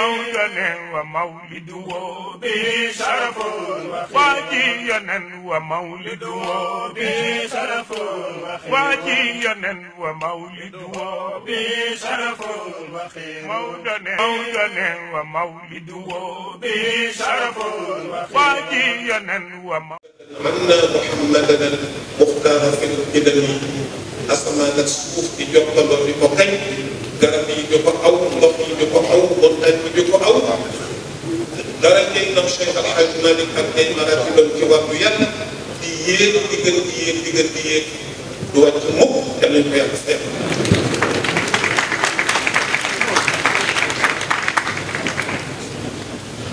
مولنا ومولده به شرف وادينا ومولده به شرف وادينا ومولده به شرف مولنا مولنا ومولده به شرف وادينا ومولده منا محمدا المختار في القدم أسمى نسوف في جوطة بوري garab yi di ko aw ndox yi di ko aw montagne yi di ko aw dara jëy nam Cheikh Al Hadj Malick ak ay maratibam ci wàllu yàlla di yéeg di gën di yéeg di gën di yéeg du wàcc mukk yal nañ ko yàlla seet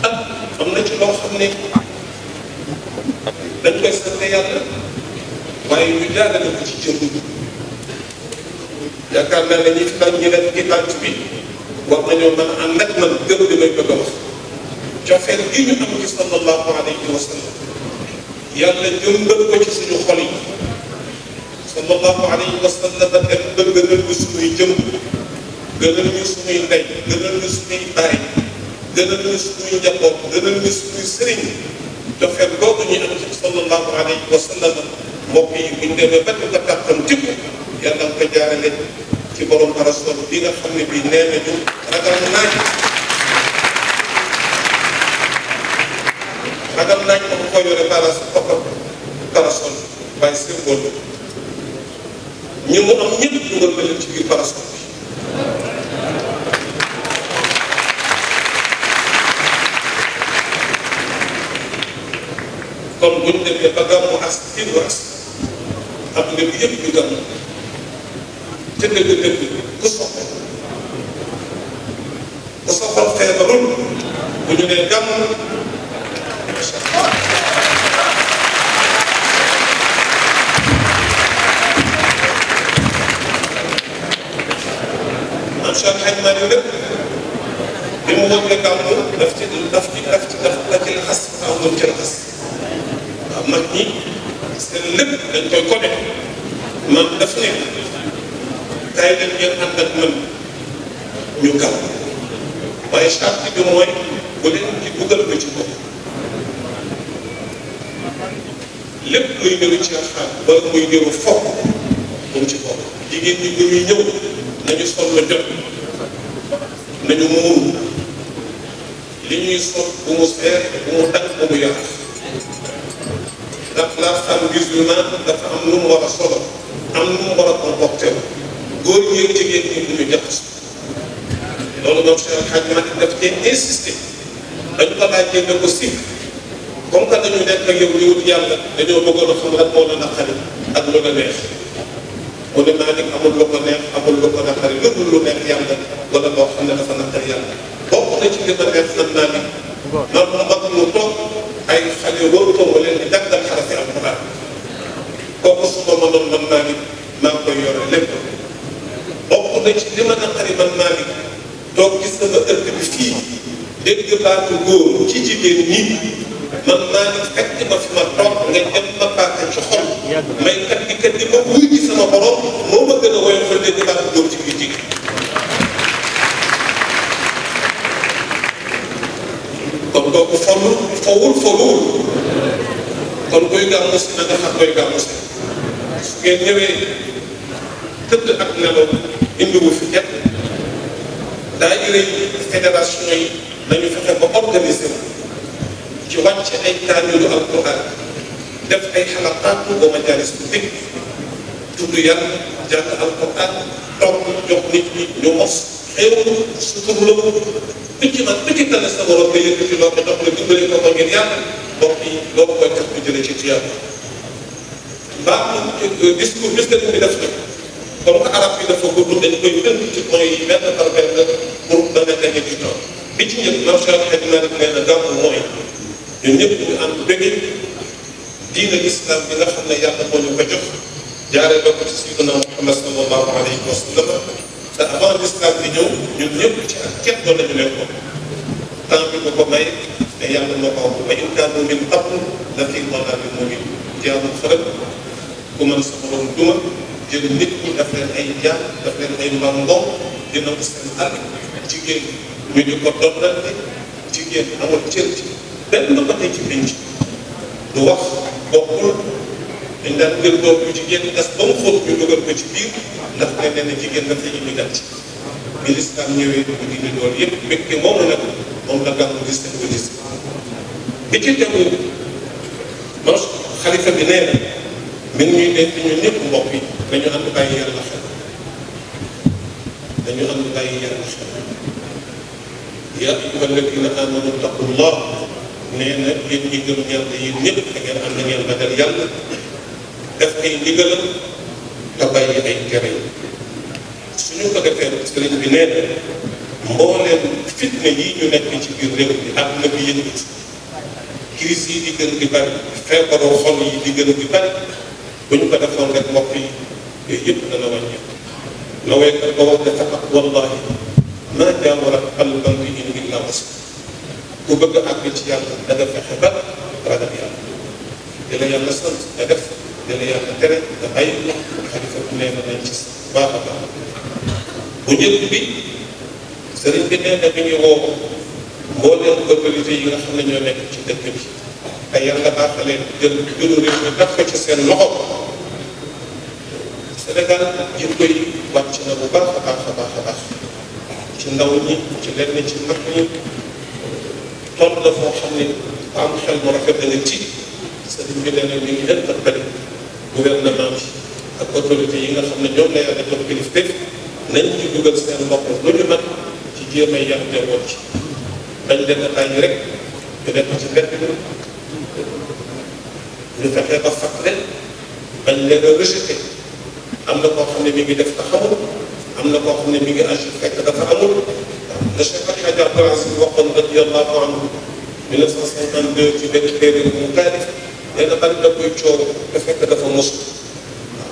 ah am na ci loo xam ne dañ koy sant yàlla waaye ñu jaarale ko ci jëmm yaakaar naa ne ñi ci tànn ñi leen ci tànn bi war nañoo mën a ànd man gëm li may bëgg a wax cofeel gi ñu am ci sallallahu alayhi wa sallam yàlla jëmbal ko ci suñu xol yi sallallahu alayhi wa sallam ba dem ba gënal buñ demee ba di ko tàqam jëpp yàlla nga ko jaarale ci borom parasol bi nga xam ne bii nee nañu ragal naaj ragal naaj moom ko yore parasol bàyyi seen góorlu ñi mu am ñëpp dugal na ci biir parasol bi kon buñ demee ba gàmmu as tiilu as am lépp yëpp ñu gàmmu تبني تبني قصة قصة خلق يا برون ونجد الدم مشان حد ما يولد المهم لك عمو لفتي لفتي لفتي لفتي الحس أو ممكن الحس مكني سلب لن تكون ما دفني kaay leen ngeen ànd ak mën ñu gàmm waaye charte bi mooy bu leen ci dugal ko ci bopp lépp luy niru ci xaar wala muy niru fokk bu mu ci bopp jigéen ñi bu ñuy ñëw nañu sol la jot nañu muuru li ñuy sol bu mu seer bu mu dagg bu mu yàq ndax la femme musulmane dafa am lu mu war a solo am lu mu war a comporter góor ñeeg jigéen ñi duñu jaxas loolu moom Cheikh El Hadj Malick daf cee insisté dañu ko laajtee ne ko si comme que dañu nekk ak yow di wut yàlla dañoo bëggoon a xam lan moo la naqari ak lu la neex mu ne Malick amul lu ko neex amul lu ko naqari lu dul lu neex yàlla wala loo xam ne dafa naqari yàlla bokk na ci gën a neex nag naa ni loolu mu mag mu toog ay xale waru ko wala di daggal xarafi alquran kooku su ma mënoon mën naa ni maa ngi koy yore lépp na ci li ma naqari man maa toog gis sama ëtt bi fii dégg baatu góor ci jigéen ñi man maa ngi ma fi ma toog nga dem ma paaka ci xol may kat di kat a woyofal dégg góor ci biir jigéen kon kooku folu fowul foluwul kon koy gàmmu na nga xam koy gàmmu si su ngeen ak nelaw indiwu fi kenn daayira yi fédération yi dañu fexe ba organiser wu ci wàcc ay kaamilu alquran def ay xalaqaatu ba majalis bu dikk tudd yàlla jàng alquran toog jox nit ñi ñu mos xéewlu sutur la ku ci man ku ci tane sa borom nga yëkkati loo ko jox la dimbali ko ko ngir yàlla mbokk yi loolu koy tax mu jëlee ci tuyaat mbaa discours bi def na comme arab bi dafa gudd dañ koy tënk ci points yi benn par benn pour mën a gagné du temps bi ci njëkk marché xedina rek nee na gàmmu mooy ñun ñëpp ñu am bëgge diine islam bi nga xam ne yàlla moo ñu ko jox jaaree ba ko ci sayyidina Muhammad sallallahu alayhi wa sallam te avant l'islam bi ñëw ñun ñëpp ci ak képp doon nañu nekkoon temps bi ñu ko may mais yàlla moo ko wax wa in kaanu min qablu la fi dalaalin mubiin jaamu fa rek ku mën sa borom duma jël nit ñi daf leen ay jaam daf leen ay mangom dina ko seen alal jigéen ñu di ko dollante jigéen amul cër ci benn côté ci penc wax bokkul dañ daan jël doom yu jigéen gas ba mu ci biir ndax ne nee na jigéen dafa ñu ñu dal ci bi lislaam ñëwee bu dindi loolu yëpp mbégte moomu nag moom la gàmmu gis nañ ko gis bi ci tegu man xalifa bi nee na mi ñuy denc ñun ñëpp mbokk yi dañu am bàyyi yàlla xel dañu am bàyyi yàlla xel yaa ayyuha alladina amanu taqullah na yéen ñi gëm yàlla yéen ñëpp da ngeen am na ngeen ragal yàlla def ay ndigalam te suñu ko defee sëriñ bi nee na fitna yi ñu nekk ci biir réew mi àdduna bi yëngu crise yi di di bari feebaru xol yi di di bari bu ñu ko defoon rek mbokk yi yooyu yëpp dana wàññi la waykat ba wax ne faqat wallahi maa jaawara qalban muminin illa was ku bëgg a àgg ci yàlla da fexe ba yàlla di la yàlla sant nga def di yàlla tere nga bàyyi xalifa bu nee nañ ci baax a baax bu njëkk bi sëriñ bi nee na mi ngi woo mbooleem autorité yi nga xam ne nekk ci dëkk bi te yàlla baaxaleen jël jëlu réew mi def ci seen loxo Sénégal jikko yi wàcc na bu baax a baax a baax a baax ci ndaw ñi ci lenn ci mag ñi toll la foo xam ne am xel mu rafet da nga ci sëriñ bi nee na ñu ngi interpellé gouvernement bi ak autorité yi nga xam ne ñoom la yàlla jox kilifteef nañ ci dugal seen mbokk lu ñu mën ci jéem a yàqte woon ci dañ leen a tàyyi rek ñu nekk ci mbedd bi ñu fexe ba fàq leen bañ leen a rejeté am na koo xam ne mi ngi def tax am na koo xam ne mi ngi agi fekk dafa amul le Cheikh El Hadj Abdoul Aziz waxoon radiyallahu anhu 1952 ci benn téere mu taalif nee na bari na koy coow te fekk dafa mos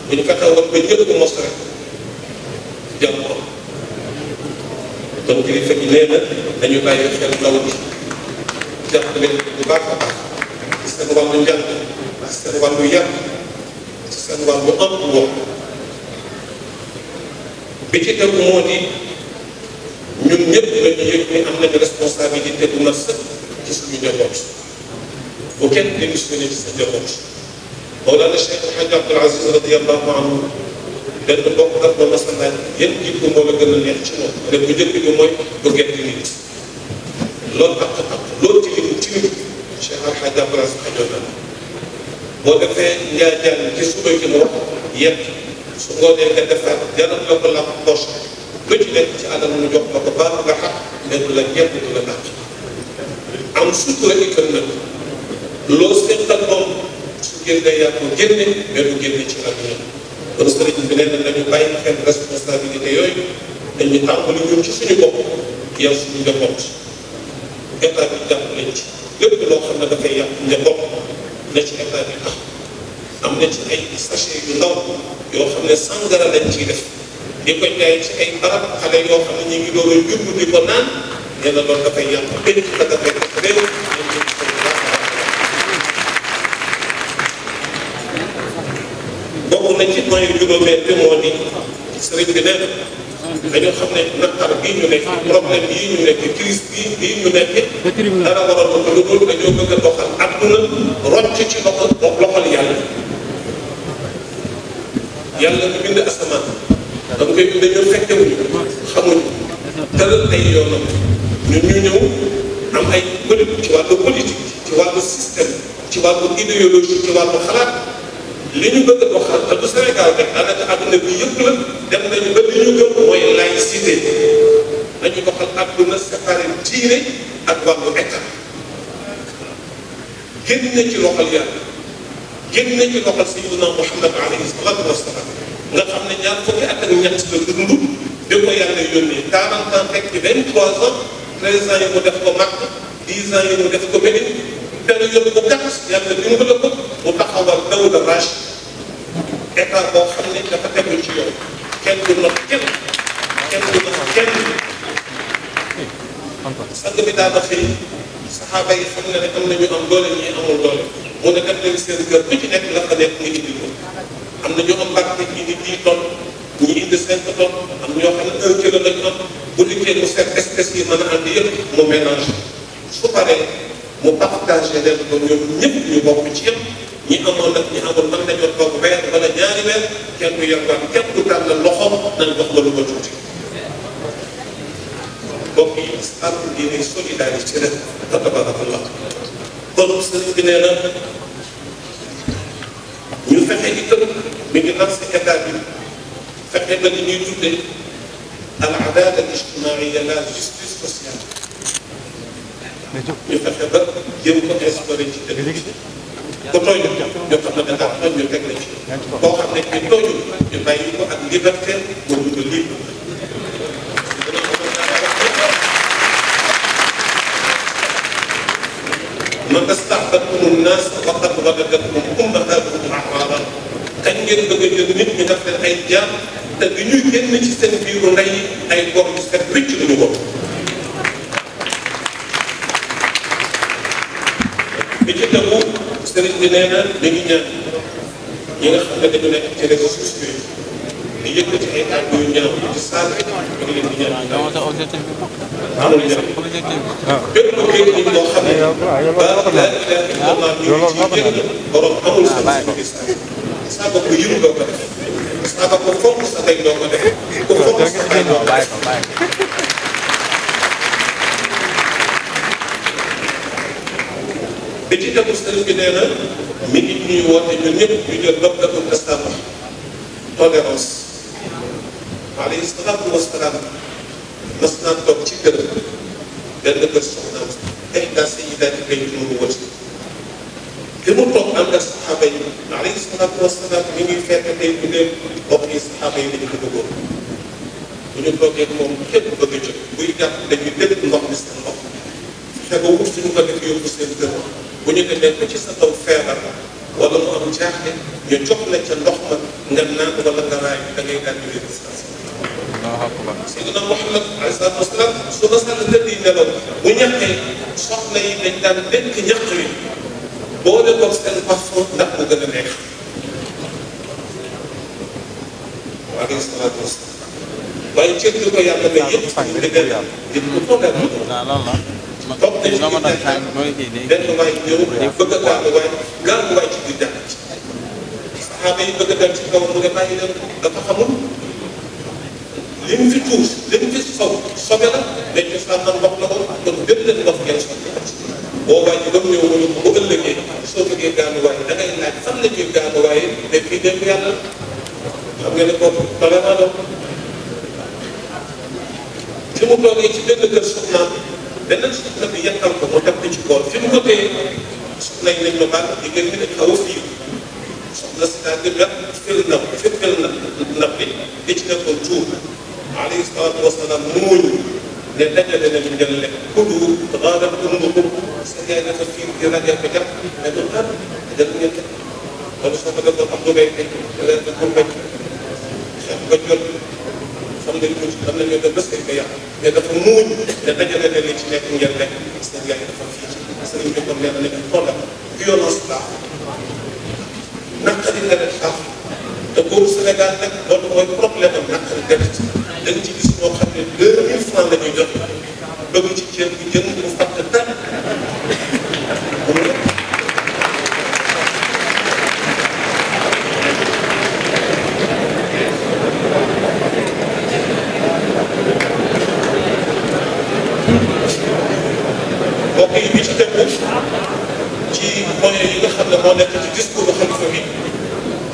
bu ñu fexe woon ba ñëpp mos rek jàmm ko kon kilifa gi nee na dañu bàyyi xel ndaw bi jàpp leen bu baax a baax ci seen wàllu njàng ci seen wàllu bi ci tegu moo di ñun ñëpp dañu yëg ni am nañu responsabilité bu mat sëkk ci suñu njaboot bu kenn démissionné ci sa njaboot Mawlana Cheikh El Hadj Abdoul Aziz radiyallahu anhu benn mbokk ak ma mas a laaj yéen jikko moo la gën a neex ci moom ne bu njëkk bi mooy bëggee di nit loolu ak ak loolu ci ci nit Cheikh El Hadj Abdoul Aziz xajoon na boo defee njaajaan ci suba ci moom su ngoonee nga defar jarul la ko làmp poche lu ci nekk ci anam mu jox la ko baax nga xam mais du la ñett du la nàcc am sutura itam nag loo seqal moom su génnee yaa ko génne mais du génne ci àdduna kon sëriñ bi nee na nañu bàyyi xel responsabilité yooyu dañu tàmbali ñun ci suñu bopp yar suñu njaboot état bi jàpp nañ ci lépp loo xam ne dafay yàq njaboot na ci état bi tax am na ci ay sachet yu ndaw yoo xam ne sangara lañ ciy def di ko jaay ci ay barab xale yoo xam ne ñu ngi door a jublu di ko naan nee na loolu dafay yàq benn bokk na ci point yu juróomeel bi moo di sëriñ bi nee dañu xam ne naqar bii ñu nekk problème yii ñu nekk crise bii bii ñu nekk dara waral ko lu dul dañoo bëgg a doxal loxol yàlla yàlla bi bind asamaan dama koy bind ñoom fekkewuñu xamuñu tëral ay yoonam ñun ñu ñëw am ay politique ci wàllu politique ci wàllu système ci wàllu idéologie ci wàllu xalaat li ñu bëgg a doxal te du Sénégal rek daanaka àdduna bi yëpp la dem nañu ba ñu gëm mooy laïcité nañu doxal àdduna séparé diine ak wàllu état génn na ci loxol yàlla génn nañu loxol sayyidina Muhammad alayhi salaatu wa salaam nga xam ne ñaar fukki at ak ñett la dund di ko yàlla yónnee 40 ans fekk 23 ans 13 ans yi mu def ko màkk 10 ans yi mu def ko Médine période bu gàtt yàlla dimbali ko bu taxawal dawla rachid état boo ci yoon kenn du not kenn kenn du not kenn. sang bi daana xëy saxaaba xam ne ne am nañu am doole ñi amul mu ne kat léegi seen kër ku ci nekk la fa nga indi ko am na ñoo am mbàkke ñi indi dix tonnes ñi indi cinq tonnes am na ñoo xam ne un kilo lañ am bu liggéey mu seet espèce yi mën a andi yëpp mu mélange su paree mu partagé leen ko ñoom ñëpp ñu bokk ci yëpp ñi amoon nag ñi amoon mën nañoo toog weer wala ñaari weer kenn du yelwaan kenn du tàllal loxoom nañ jox ma lu ma tuuti bokk yi sàmm diine solidarité rek fa tabaraka Allah kon sëriñ bi nee na ñu fexe itam mi ngi lancé état bi fexe ba li ñuy tuddee al adaala al ijtimaaiya la justice sociale ñu fexe ba jéem ko instauré ci dëkk bi ku tooñ ñu xam ne dangaa tooñ ñu teg la ci koo xam ne ñu tooñul ñu bàyyi ko ak liberté boobu ko libre man astahdatkum an-naas faqad ghalaqatkum ummahatukum a'raadan kañ ngeen bëgg a ay jaam te bi ñuy génn ci seen ay góor yu set wicc duñu ko. di yëkkati ay kàddu yu ñaaw di saal di leen di ñaaw. dama tax objectif bi bokk. ah objectif bi. waaw ah. bépp géej gi boo xam ne. Ah, baax na borom amul sa gis. saa ko ko yëngu doo ko def. saa ah, ko ko fonk sa tey doo ko def. ko fonk sa tey doo ko def. bi ci tegu sëriñ bi nee na mi ngi ñuy woote ñun ñëpp ñu jël dog dagul instant bi tolérance alayhi salaatu wasalaam mas naa toog ci kër benn kër soxnaam ihda sayyidaati bayti mu wër li mu toog ànd ak saxaaba yi alayhi salaatu wasalaam mi ngi fekk tey bu dee bokk yi saxaaba yi dañu ko dëggoon bu ñu toogee moom képp bëgg a jóg buy gàtt dañuy dëgg ndox mi seen ndox fexe ba wut suñu ko def yóbbu seen kër bu ñu demee ba ci sa taw feebar wala mu am jaaxle ñu jox la ca ndox ma nga naan wala nga raay da ngay daal di leen Seydina Muhammad alayhi salaatu wa salaam su ma sànni tëdd yi nelaw bu ñaqee soxna yi dañ daan dénk ñaq wi boole ko seen parfum ndax mu gën a neex alayhi salaatu wa salaam waaye cër gi ko yàlla may yëpp di leen di ko kontaan toog nañu ci benn waay ñëw bëgg a gàlluwaay gàlluwaay ci biir jàkk ci saxaaba yi bëgg a dal ci kaw mu ne bàyyi leen dafa xamul li mu fi tuus li mu fi sow sobe la dañ ko sàmmal wax na ko kon bépp leen ndox ngeen sobe boobaa ñu doon ñëw wala bu ëllëgee soo bëggee gaanuwaay da ngay laaj fan la ñuy gaanuwaay ne fii dem yàlla xam nga ne kooku tolérant la li mu toogee ci benn kër soxnaam beneen soxna bi yàqal ko mu teg ko ci koor fi mu ko téye soxna yi nañ ma baal jigéen bi dañ xaw a fii soxna si daal di mel fël na fël na ndab bi di ci nekkoon tuur alayhi salaatu wasalaam moo ñu ne dajale nañu njëlle kudu xaaral umukum sa yaay dafa fiir di ragal ko jàpp mais du dara dajal ngeen loolu soo ko defoon am dugay te leer na pour bañ xam nga jot xam nañ ko xam nañ ne bés ko yàq mais dafa muuñ ne dajale na li ci nekk njëlle sa yaay dafa fiir sëriñ bi kon nee na nekk xoolal violence baax naqari nga def xaaf te boobu Sénégal nag loolu mooy problème am naqari deret dañ ci gis ñoo xam ne deux mille francs la ñuy jot bëgg ci ceeb bi jënd mu fàtte tan mbokk yi bi ci tegu ci moyens yi nga xam ne moo nekk ci discours xalifa bi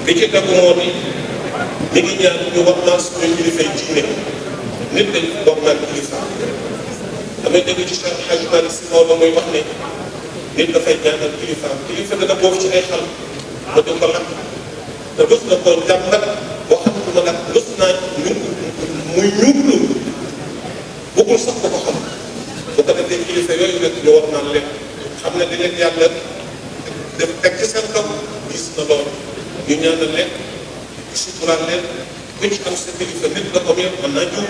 bi ci tegu moo di mi ngi ñaan ñu wax naa suñu kilifa yi diine nit dañu doog naan kilifa damay dégg ci Cheikh Hadj Malick si Maodo muy wax ne nit dafay ñaanal kilifa kilifa dana ci ay xal ba du ko lakk te bés na ko jàmbat waxatuma muy ñuulu bëggul sax ko ko xam bu ko defee kilifa yooyu nag ñu war naan leen xam ne di yàlla def teg ci seen kaw gis na loolu ñu ñaanal leen suturaal leen ku ci am sa kilifa nit la ko mën mën naa juum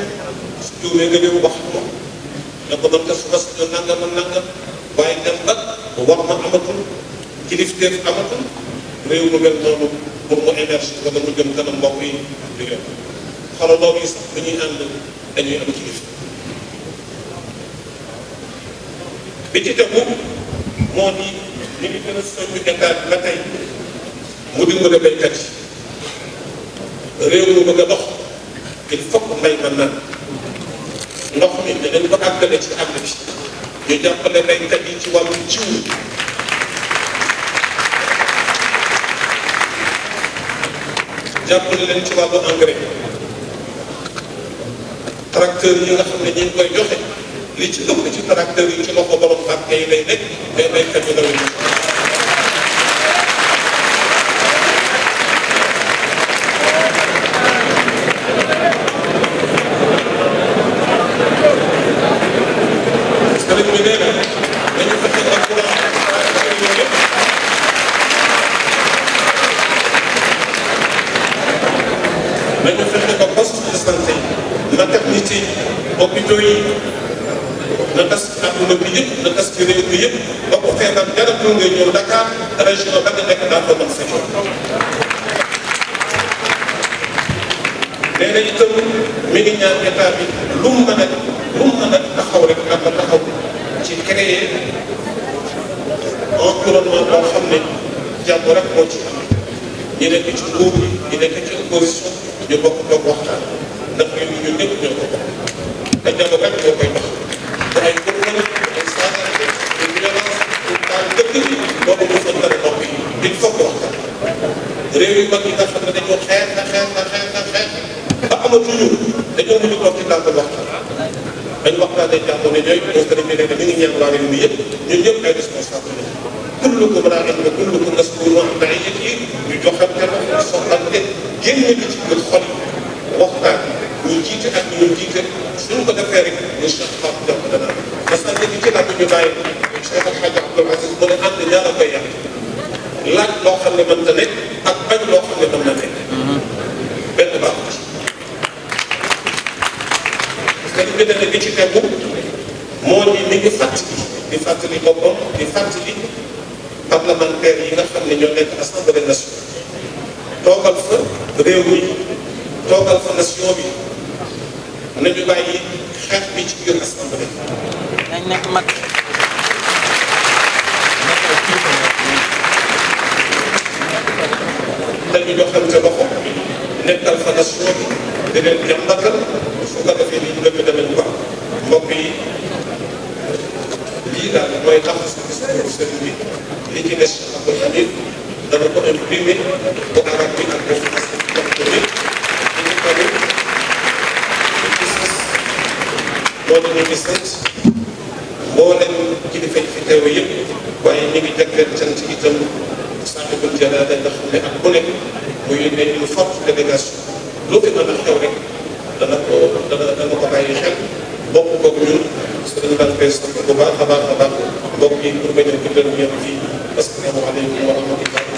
su juumee nga ñëw wax moom ne ko mën nga su mas nangam ak nangam waaye dem ba war ma amatul kilifteef amatul réew mu mel noonu pour mu émerger wala mu jëm kanam mbokk yi di leen xolo boobu yi sax dañuy ànd dañuy am kilifa bi ci tegu moo di ñu ngi gën a soññ état bi ba tey mu dimbale béykat yi réew mu bëgg a dox il faut que mbay mën naan mi dinañ ko àggale ci àll bi ñu jàppale baykat ci wàllu jiw jàppale leen ci wàllu engrais tracteur yi nga xam ne ñu ngi koy li ci ëpp ci tracteur yi ci loxo borom barke yi lay nekk day baykat yu ndaw yi hôpitaux yi na tas àdduna bi yëpp na ci réew mi yëpp ko feebar jaratul ngay ñëw Dakar région ba nga nekk daa ko mën sa yoon. nee na itam mi ngi ñaan état bi lu mu mën a lu mu a taxaw na taxaw ci nekk ci ñu li mag ñi nga xam ne dañoo xeex na xeex na xeex na xeex ba amatuñu dañoo mujj toog ci table waxtaan bañ waxtaanee jàpp ne ñooy constaté ne ñu ngi ñaan waa réew mi yëpp ñun ñëpp ay responsable lañ kullukum raa'in wa kullukum mas'uulun an ra'iyyatihi ñu joxante la soxlante génn li ci biir xol waxtaan ñu jiite ak ñu jiite suñ ko defee rek incha allah jàpp dana am parce que nit ci natt ñu bàyyi Cheikh Al Hadj Abdoul Aziz mu ne ànd ñaar a koy yàq laaj loo xam ne mën ta nekk moo di ni ngi fàttali di fàttali boppam di fàttali parlementaire yi nga xam ne ñoo nekk assemblée nationale toogal fa réew mi toogal fa nation bi nañu bàyyi xeex bi ci biir assemblée nañ nekk mag dañu joxante loxo nekkal fa nation bi di leen jàmbatal su ko defee ni ñu dëgg demeen baax mbokk yi ci daal mooy tax sëriñ bi li ci des ko tamit dama ko imprimé bu arab bi ak boobu askan bi ak tamit dañu pare loolu ñu ngi sant mboolem kilifa yi fi teew yëpp waaye ñu ngi jagleel cant itam sàmmikul jalaale ndax ne ak bu nekk mu yónnee ñu forte délégation lu fi mën a xew rek dana ko dana dana ko bàyyi xel bokk koog ñun sëriñ Ba Kër sant bu baax a baax a baax mbokk yi pour bañ a guddal ñëpp fii